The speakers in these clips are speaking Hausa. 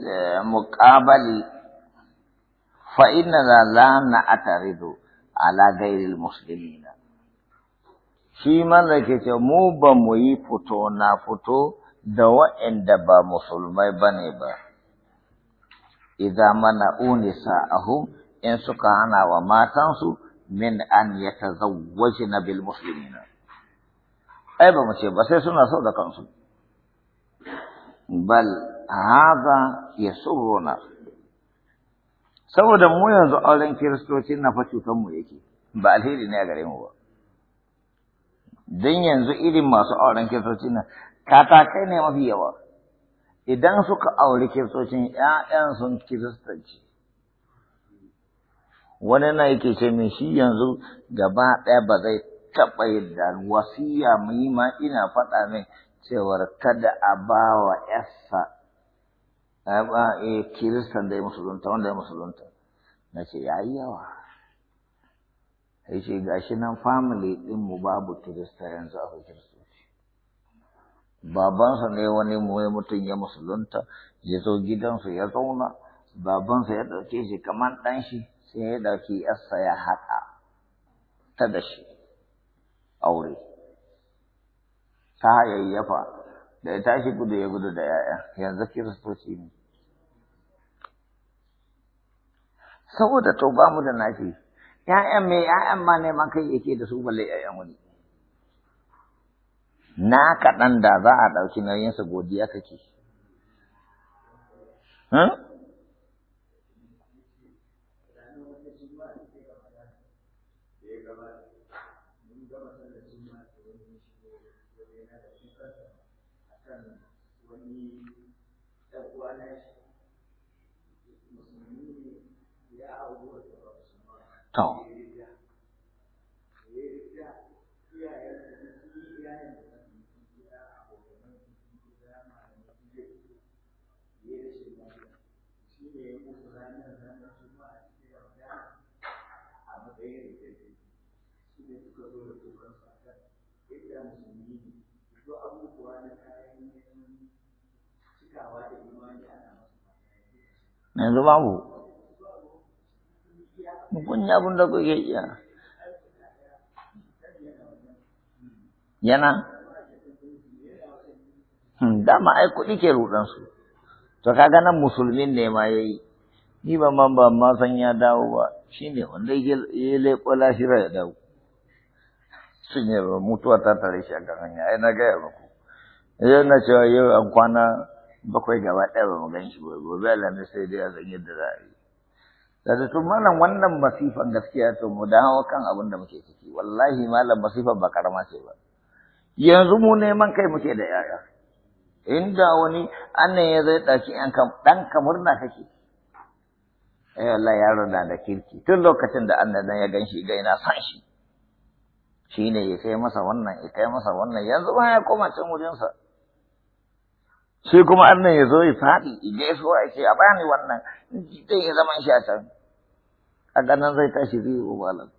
Eh, muqabali fa inna la da ala musulmi na. shi mana ke ce mu ba mu yi fito na fito da wa'anda ba musulmai bane ba idan mana unisa ahu in suka hana wa matansu min an na bil na ai ba mu ce ba sai suna so da kansu bal haza yasurruna saboda mu yanzu auren kiristoci na fa cutar mu yake ba alheri ne a gare mu ba Dan yanzu irin masu auren kiristoci na katakai ne mafi yawa idan suka auri kiristocin ‘ya'yan sun kiristanci wani na yake ce min shi yanzu gaba ɗaya ba zai taɓa yadda wasiya ma ina faɗa min cewar kada a ba wa ‘yarsa, a ba eh, kiristan da ya musulunta, wanda ya musulunta, na ce ya yi yawa. Ya ce gashi nan family ɗinmu babu kirista yanzu a akwai kiristoci. Babansa ne wani mai mutum ya musulunta, ya zo gidansu ya zauna, babansa ya ɗauke shi kamar ɗan shi, sai ya ɗauki ‘yarsa ya haɗa ta da shi aure. ta yayyafa da ya tashi gudu ya gudu da yaya yanzu kiristoci ne saboda to ba mu da nashi ya'yan mai ya'yan ma neman kai yake da su balle ya'yan wani na kaɗan da za a ɗauki nauyinsa godiya kake hmm? to yanzu babu mugunya abin da kuke iya yana dama ai kuɗi ke rudansu to kaga nan musulmin ne ma yayi ni ba man ba ma san ya dawo ba shine wanda ya leƙo lashira ya dawo shi ne mutuwa ta tare shi a kan hanya ai na gaya muku yau na cewa yau an kwana bakwai gaba ɗaya ba mu gan shi ba gobe alamis sai dai a san yadda za a yi da tun malam wannan masifan gaskiya to mu dawo kan abin da muke ciki wallahi malam masifan ba karama ce ba yanzu mu neman kai muke da yaya inda wani annan ya zai ɗauki ɗan kamar na kake ai eh wallahi yaro na da kirki tun lokacin da annan ya ganshi shi ga ina san shi shine ya kai masa wannan ya kai masa wannan yanzu ba ya koma can wajensa Sai kuma annan ya zo ya faɗi, ya su a ce, a bani wannan, zai ya zama shi a can. A ganin zai tashi zai yi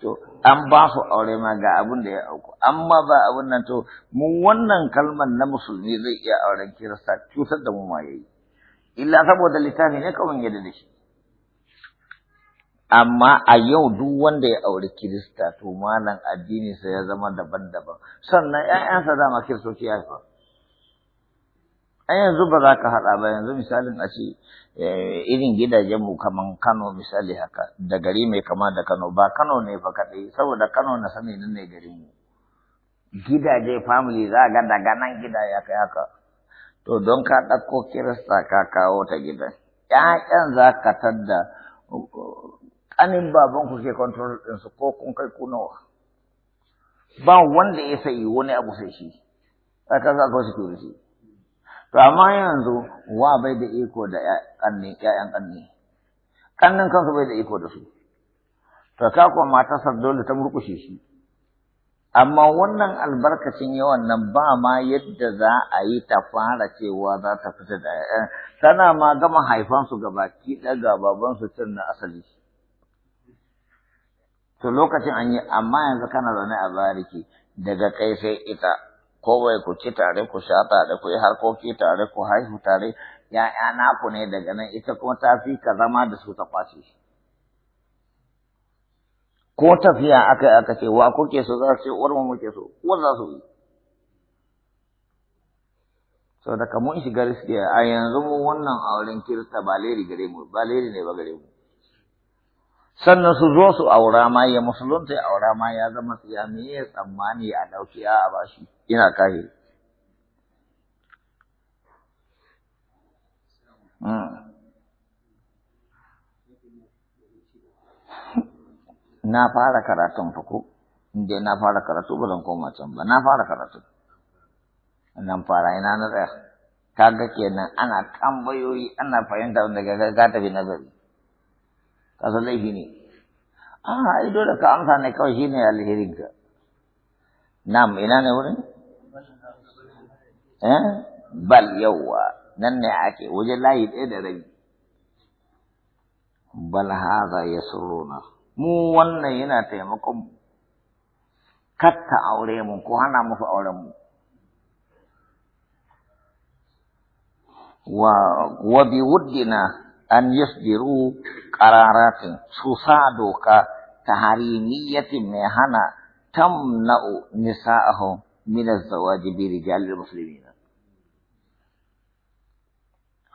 To, an ba su aure ma ga abin da ya auku, amma ba abin nan to, mu wannan kalmar na musulmi zai iya auren kirista cutar da mu ma yayi. Illa saboda littafi ne kawai yadda da shi. amma a yau duk wanda ya auri Kirista to malam addini sa ya zama daban-daban sannan ƴaƴansa ma kirsoci ya haifa a yanzu ba za ka haɗa ba yanzu misalin a ce eh, irin mu kaman Kano misali haka da gari mai kama da Kano ba Kano ne ba kaɗai saboda Kano na sani nan ne garinmu. ne gidaje family za ga daga nan gida ya kai haka to don ka ɗauko kirista ka kawo ta gidan ƴaƴan za ka tadda ƙanin baban ku ke control ɗinsu ko kun kai ku nawa ba wanda ya sayi wani abu sai shi za ka za security To amma yanzu wa bai da iko da ‘ya'yan ƙanne, ƙannin kansu bai da iko da su. To ka kuwa matasar dole ta murkushe shi. Amma wannan albarkacin yawan nan ba ma yadda za a yi ta fara cewa za ta fita da ‘ya'yan, tana ma gama haifansu gabaki ɗaga babansu cin na asali. To lokacin an yi, amma yanzu kana zaune a bariki daga kai sai ita. kowai ku ci tare ku sha tare ku yi harkoki tare ku haihu tare ya'ya naku ne daga nan ita kuma ta fi ka zama da su ta kwashe shi ko tafiya aka aka ce wa kuke so za su ce uwar mu muke so ko za su yi saboda mun shiga riski a yanzu mu wannan auren kirista ba leri gare mu ba leri ne ba gare mu sannan su zo su aura ma ya musulunta ya aura ma ya zama tsiya me ya tsammani a ɗauki a bashi ina kare hmm. na fara karatun fa ko inda na fara karatu ba zan koma can ba na fara karatu nan fara ina na tsaya kaga kenan ana tambayoyi ana fahimta daga ga tafi nazari kasan laifi ne a ah, ai dole ka amsa ne kawai shine alherin nam ina ne wurin eh bal yawwa nan ne ake waje layi ɗaya eh, da rabi bal ya yasurruna mu wannan yana taimakon mu katta aure mu ko hana musu auren mu wa wa bi wuddina an yasbiru قرارات سوسادو كا تحريمية مهانا تمنعو نساءهم من الزواج برجال المسلمين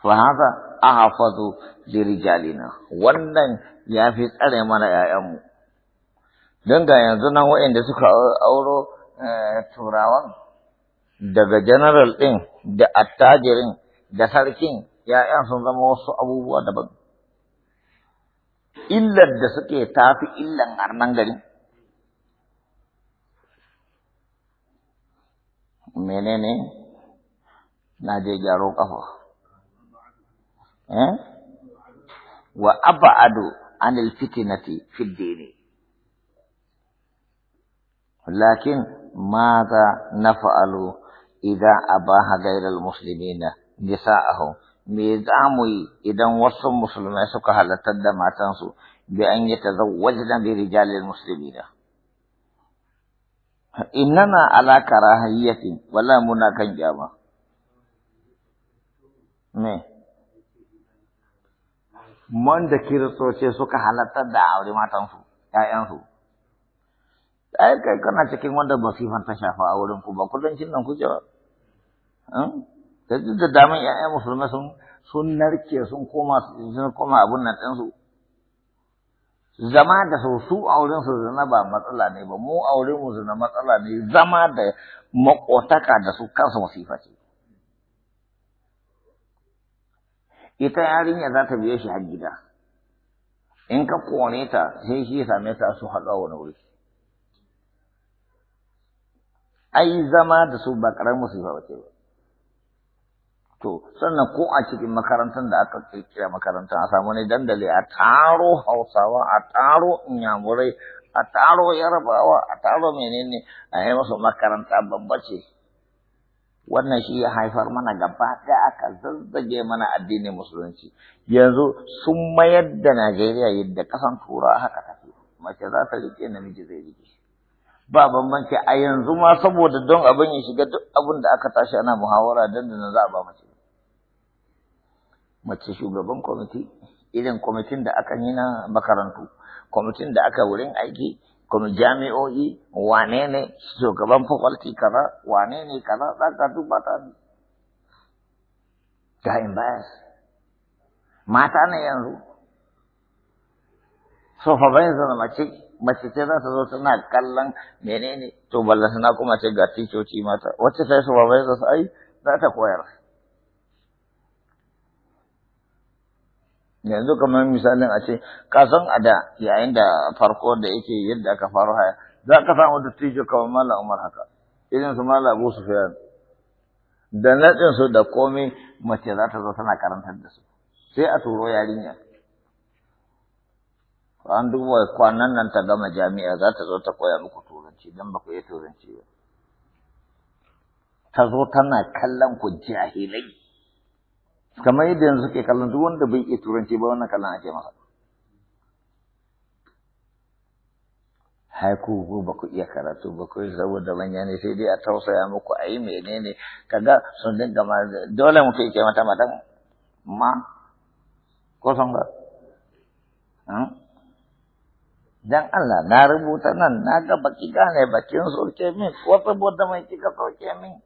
فهذا أحفظ لرجالنا وانن يافي سألي من آيام دنگا ينزونا هو اند سكرا أورو آه، توراوان دغا جنرال إن دا التاجر إن دا سالكين يا إنسان زمو سو أبو وادبن illar da suke tafi illan arnan gari menene na je gyaro kafa eh wa ab'adu anil fitnati fid dini lakin ماذا نفعل إذا أباح غير المسلمين نساءهم me za mu yi idan wasu musulmai suka halartar da matansu bi an yi da? bi rijalil muslimina innana ala karahiyyatin wala muna kan gyama. me man da kiristoci suka halartar da aure matansu ƴaƴansu ai kai kana cikin wanda masifan ta shafa a wurin ku ba kudancin nan kuke ba hmm? da duk da daman 'ya'yan musulmai sun sun narke sun koma sun koma abun nan ɗinsu zama da su su auren su zina ba matsala ne ba mu auren mu zina matsala ne zama da makotaka da su kansu masifa ce ita yarinya za ta biye shi har gida in ka kone ta sai shi ya same ta su a wani wuri ai zama da su ba ƙaramin masifa ce ba To, sannan ko a cikin makarantar da aka kirkira makarantar a samu ne dandali a taro hausawa, a taro inyamurai, a taro yarabawa, a taro menene a yi masu makaranta babba ce. Wannan shi ya haifar mana gaba ɗaya aka zazzage mana addinin musulunci. Yanzu sun mayar da Najeriya yadda ƙasan tura haka tafi. Mace za ta riƙe namiji zai riƙe. ba bambanci a yanzu ma saboda don abin ya shiga duk abin da aka tashi ana muhawara dandana za a ba mace. mace shugaban kwamiti irin kwamitin da aka yi na makarantu kwamitin da aka wurin aiki kuma jami'o'i wane ne shugaban faculty kaza wane ne kaza za ka duba ta ne yin bayas mata ne yanzu sofa bayan zana mace mace ce za ta zo tana kallon menene to balla suna kuma ce ga ticoci mata wacce ta yi sofa bayan zana ai za ta koyar yanzu kamar misalin a ce ka san a da yayin da farko da yake yadda aka faru haya za ka samu dattijo kamar malam umar haka irin su malam abu sufyan da natsin da komai mace za ta zo tana karantar da su sai a turo yarinya an Wai kwanan nan ta gama jami'a za ta zo ta koya muku turanci don ba ku yi turanci ba ta zo tana kallon ku jahilai kamar yadda yanzu suke kallon duk wanda bai iya turanci ba wannan kallon ake masa haiku ko ba ku iya karatu ba ku saboda manya ne sai dai a tausaya muku a yi menene kaga sun dinga ma dole mutum ke mata matan ma ko son ba hmm? dan Allah na rubuta nan na ga baki gane bakin soke min ko saboda mai kika soke min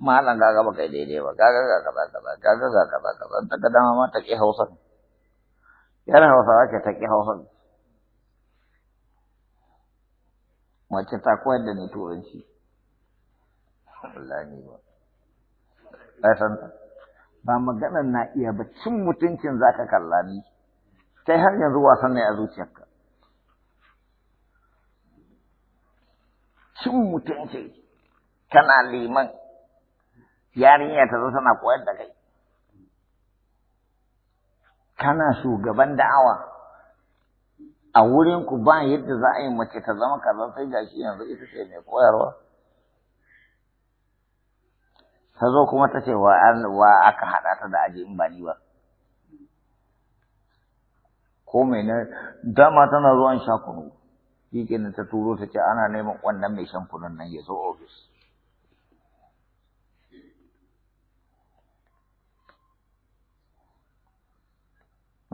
malam kaga ba kai daidai ba kaga ga kaza kaza kaga ga kaza kaza ba, ga dama ma ta ke hausa yar hausawa ke ta ke hausa wacce ta koyar da ni turanci Allah ne ba ai san ba maganar na iya ba cin mutuncin za ka kalla ni Kai har yanzu wasan ne a zuciyarka cin mutunci kana liman yarinya ta zo tana koyar da kai kana shugaban da'awa a wurin ku ba yadda za a yi mace ta zama kaza sai gashi yanzu ita ce mai koyarwa ta zo kuma ta ce wa aka haɗa ta da aji in ba ni ba ko mai na dama tana zuwan sha kunu shi ta turo ta ce ana neman wannan mai shan kunun nan ya zo ofis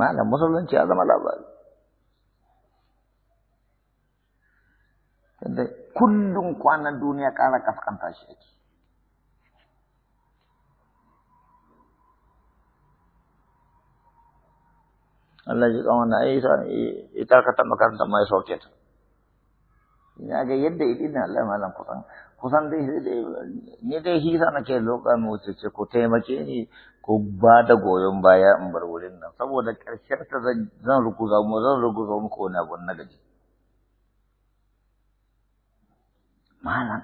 malam musulunci ya zama labari Yadda kullum kwanan duniya ƙara kaskanta shi ake Allah ji kan na ai eh, ita ka taɓa karanta mai sauke ta ina ga yadda ya ɗin Allah kusan kusan dai ni dai lokacin wuce ko taimake ni ko ba da goyon baya in bar wurin nan saboda ƙarshen ta zan rukuza mu zan mu ko na gun na gaji malam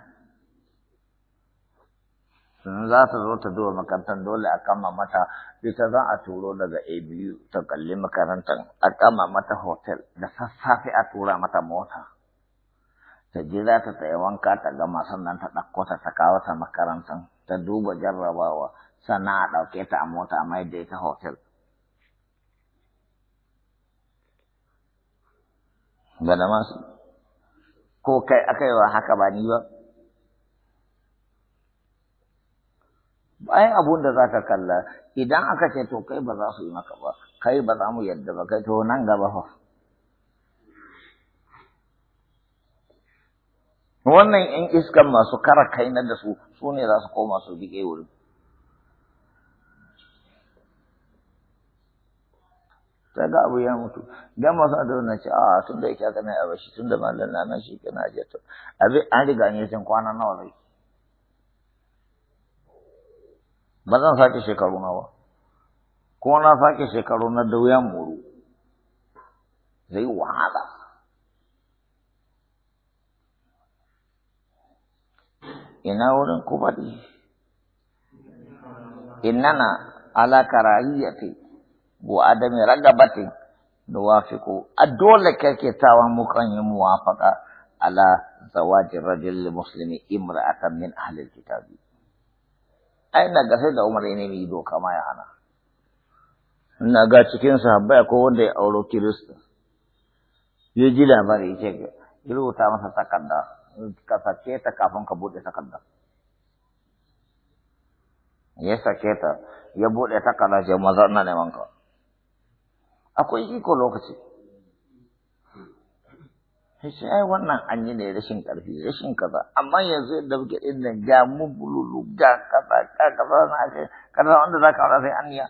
sun za ta zo ta duba makarantar dole a kama mata ita za a turo daga abu ta kalli makarantar a kama mata hotel da sassafe a tura mata mota ta je za ta tsaye wanka ta gama sannan ta ɗauko ta ta kawo ta makarantar ta duba jarrabawa sannan a ɗauke ta a mota mai da ita hotel. Gada masu ko kai aka yi wa haka ba ni ba. Bayan abun da za ka kalla idan aka ce to kai ba za su yi maka ba, kai ba za mu yadda ba, kai to nan gaba ba. wannan ‘yan iskan masu kara kaina da su su ne za su koma su bige wurin. ta ga abu ya mutu ga masu da wannan ce a ah, tun da yake aka yaba shi tun da mallan na nan shi kana je to abi an riga ne tun kwana nawa ne ba zan sake shekaru nawa kuma na sake shekaru na da muru zai wahala ina wurin ku faɗi innana ala karahiyyati bu adami ragabati ku a dole kake tawa mukan yi muwafaka ala zawajin imra a kan min ahli kitabi ai na gasai da umar ne mai doka ma ya hana ina ga cikin sahabbai akwai wanda ya auro kirista ya ji labari ya ce rubuta masa takarda ka sake ta kafin ka buɗe takardar ya sake ta ya buɗe takardar ce maza ina neman ka akwai iko lokaci sai ai wannan an yi ne rashin ƙarfi rashin kaza amma yanzu yadda muke din nan ga mu bululu ga kaza ga kaza na ake kaza wanda za ka aura sai an niya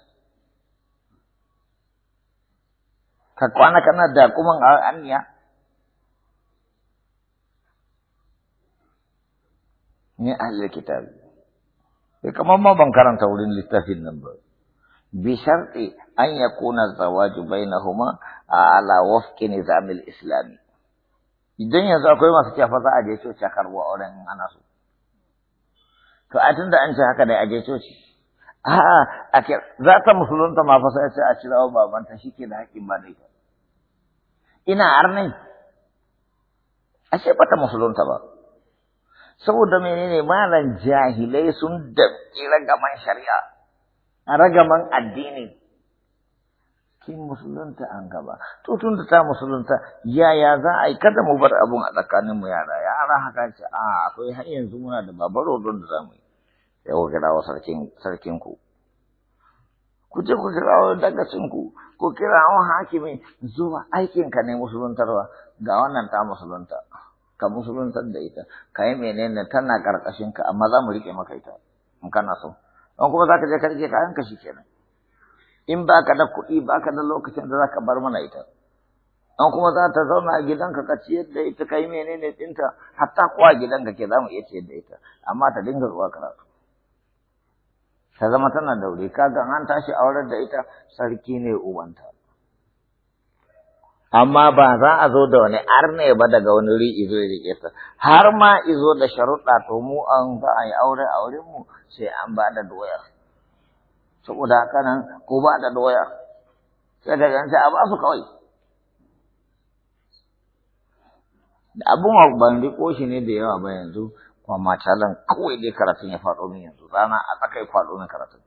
ka kwana kana da kuma an niya ni ahli kitab. sai kamar ma ban karanta wurin littafin nan ba bi sharti an yakuna zawaju bainahuma ala wafqi nizamil islami idan yanzu akwai masu cewa za a je coci a karbo auren ana so to a tunda an ce haka dai a je coci a'a a ke za ta musulunta ma fa sai a ce a babanta shi ke da haƙƙin ba dai. ina arnai ashe ah, bata musulunta ba saboda menene malam jahilai sun dabki ragaman shari'a a ragaman addini kin musulunta an gaba to tun da ta musulunta yaya za a yi kada mu bar abun a tsakanin mu yara yara haka ce a akwai har yanzu muna da babar don da zamu yi ku kirawo sarkin sarkin ku ku je ku wa dagacin ku ku wa hakimi zuwa aikin ka ne musuluntarwa ga wannan ta musulunta ka musuluntar da ita ka yi menene tana karkashin ka amma za mu rike maka ita in kana so don kuma zaka je ka rike kayan shi kenan in ba ka da kuɗi ba ka da lokacin da za ka bar mana ita don kuma za ta zauna a gidanka ka ci yadda ita ka yi menene tsinta hatta kuwa gidanka ke za mu iya ci yadda ita amma ta dinga zuwa karatu ta zama tana daure ga an tashi aurar da ita sarki ne ubanta amma ba za a zo da wani arne ba daga wani ri izo ya rike ta har ma izo da sharuɗa to mu an za a yi aure a wurin mu sai an ba da doya saboda haka nan ko ba da doya sai ka yanzu a ba su kawai da abun ban riko shi ne da yawa ba yanzu kuma matalan kawai dai karatun ya faɗo min yanzu rana a tsakai faɗo min karatun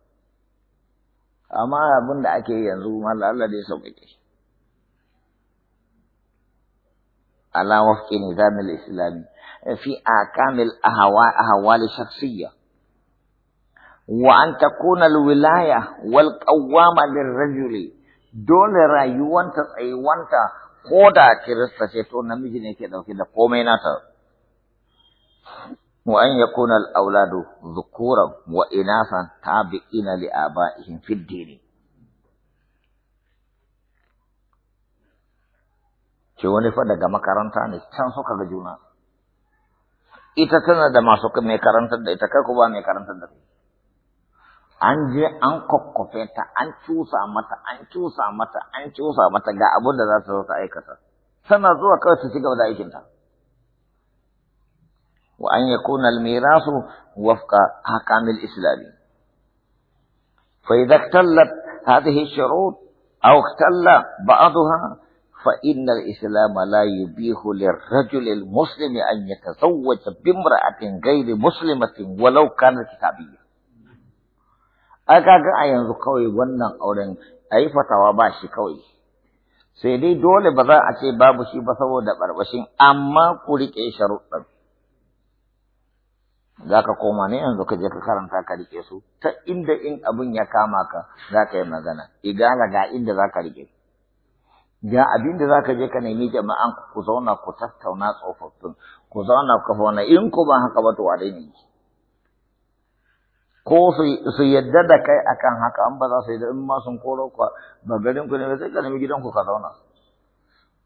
amma abin da ake yanzu malala dai sauƙaƙe على وفق نظام الإسلام في أحكام الأهوال الشخصية وأن تكون الولاية والقوامة للرجل دول رأيوان تسعيوان تا خودا كرسة شتو نمجني كده وكده قوميناتا وأن يكون الأولاد ذكورا وإناثا تابعين لآبائهم في الدين ce wani fa daga makaranta ne can suka ga juna ita tana da masu mai karantar da ita kai ku ba mai karantar da kai an je an kokkofe ta an cusa mata an cusa mata an cusa mata ga abin da za ta zo ta aikata tana zuwa kawai ta ci gaba da aikinta wa an yakuna al-mirasu wafqa ahkamil islami فإذا اختلت هذه الشروط أو اختل بعضها fa innal islam la yubihu rajulil muslimi an yatazawwaja bi imra'atin ghayri muslimatin walau kana kitabiyya akaga a yanzu kawai wannan auren ai fatawa ba kawai sai dai dole ba za a ce babu shi ba saboda barbashin amma ku rike sharuɗan zaka koma ne yanzu ka je ka karanta ka rike su ta inda in abin ya kama ka zaka yi magana idan ga inda zaka rike su ga abin da zaka je ka nemi jama'an ku zauna ku tattauna tsofaffin ku zauna ku fauna in ku ba haka ba to dai ne ko su yadda da kai akan haka an ba za su yadda in ma sun koro ku ba garin ku ne sai ka nemi gidan ku ka zauna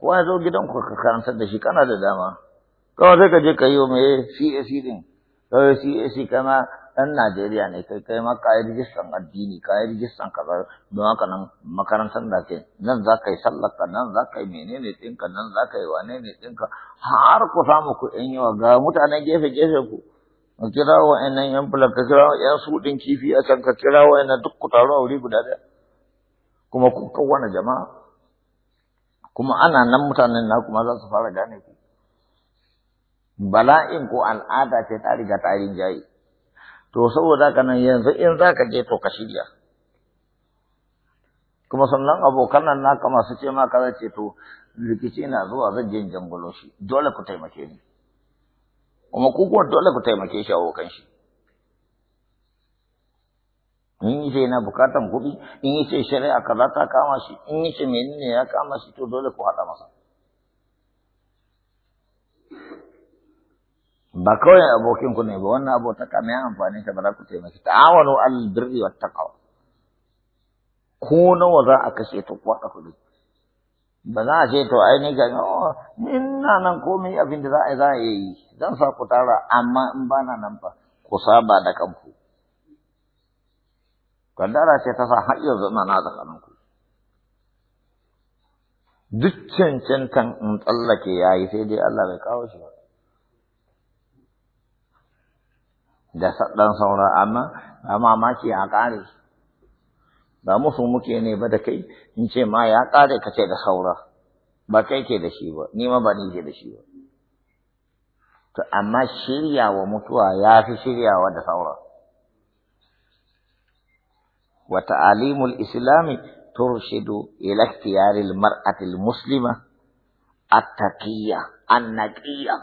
ko ya zo gidan ku ka karanta da shi kana da dama kawai sai ka je ka yi wa mai CAC din kawai shi shi kama ɗan Najeriya ne kai kai ma ka yi rijistan addini ka yi rijistan kaza don haka nan makarantar da ke nan za ka yi ka nan za ka yi menene ɗinka nan za ka yi wane ne ɗinka har ku samu ku ɗan yawa ga mutanen gefe gefe ku ka kira wa wa'annan yan fulan ka kira yan su ɗin kifi a can ka kira ƴan duk ku taru a wuri guda ɗaya kuma ku kowane jama'a kuma ana nan mutanen na kuma za su fara gane ku bala'in ko al'ada ce ta riga ta rinjaye to saboda haka nan yanzu in zaka je to ka shirya kuma sannan abokan nan naka masu ce ma kaza ce to rikici na zuwa zan je in jangulo shi dole ku taimake ni kuma ku kuwa dole ku taimake shi abokan shi in yi ce yana bukatan kuɗi in yi ce shari'a kaza ta kama shi in yi ce menene ya kama shi to dole ku haɗa masa ba kawai abokin ku ne ba wannan abotaka mai amfani ta ba ku taimaki ta'awanu al birri wat taqwa ko nawa za a kashe ta ku haɗa kuɗi ba za a ce to ai ni ga oh, ina nan komai abin da za a za a yi dan sa ku tara amma in ba nan ba ku saba da kanku kaddara ce ta sa har yanzu ina na tsakanin ku duk cancantan in tsallake yayi sai dai Allah bai kawo shi ba dasar dan saudara ama ama macam a ƙare ba musu muke ne ba da kai in ce ma ya ƙare ka ce da saura ke da shi ni mana ba ni ke dah siwa. ba ama amma wa mutuwa ya si shiryawa wa dah saudara. turshidu الإسلام ترشد إلى اختيار المرأة المسلمة التقية النقية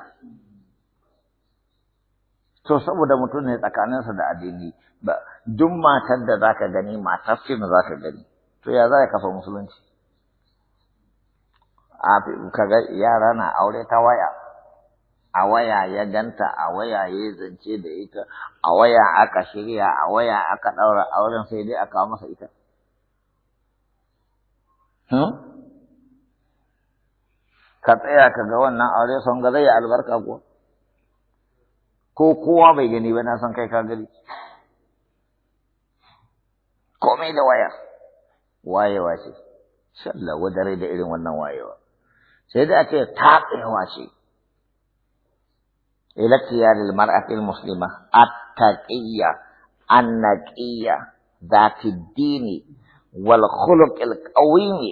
to saboda mutum ne tsakaninsa da addini ba duk matar da zaka gani matar za zaka gani to ya za kafa musulunci a kaga yara na aure ta waya a waya ya ganta a waya ya zance da ita a waya aka shirya a waya aka ɗaura auren sai dai aka masa ita hmm? ka tsaya ka ga wannan aure son ga zai albarka kuwa ko kowa bai gani ba na san kai ka gari komai da waya wayewa ce sallah wadare da irin wannan wayewa sai da ake taɓewa ce إلى اختيار المرأة المسلمة التقية النقية ذات الدين والخلق القويم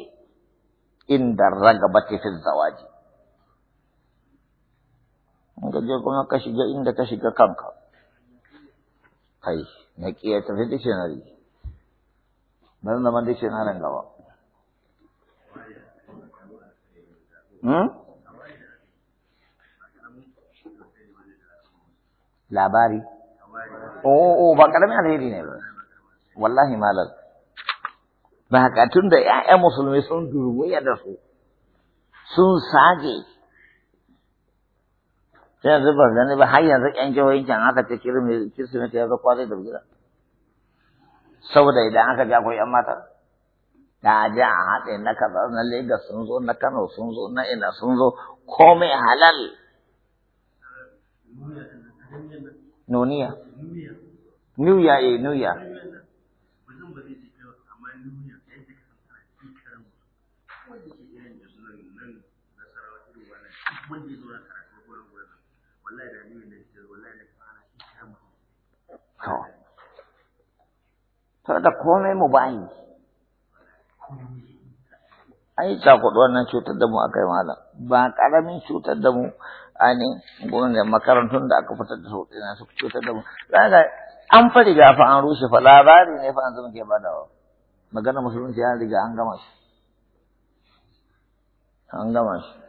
عند الرغبة في الزواج in ka je kuma ka shiga inda ka shiga kanka kai na ƙiya tafi dictionary dace na man dictionary gaba labari oh, oh ba karamin alheri ne ba wallahi malal ba tun da ya'ya musulmi sun durwaya da su sun sage sai yanzu ban gani ba har yanzu ƴan jihohin can aka ce kirsimeti ya zo kwazai da gida saboda idan aka ji akwai ƴan mata da a ji a haɗe na kaza na Legas sun zo na Kano sun zo na ina sun zo komai halal noniya nuya eh nuya you. da to to da komai mu bayi ai ta kudu wannan cutar da mu akai mala ba karamin cutar da mu ani gurin da makarantun da aka fitar da sauti na su cutar da mu zaka an fari ga fa an rushe fa labari ne fa an zama ke badawa magana musulunci ya riga an gama shi an gama shi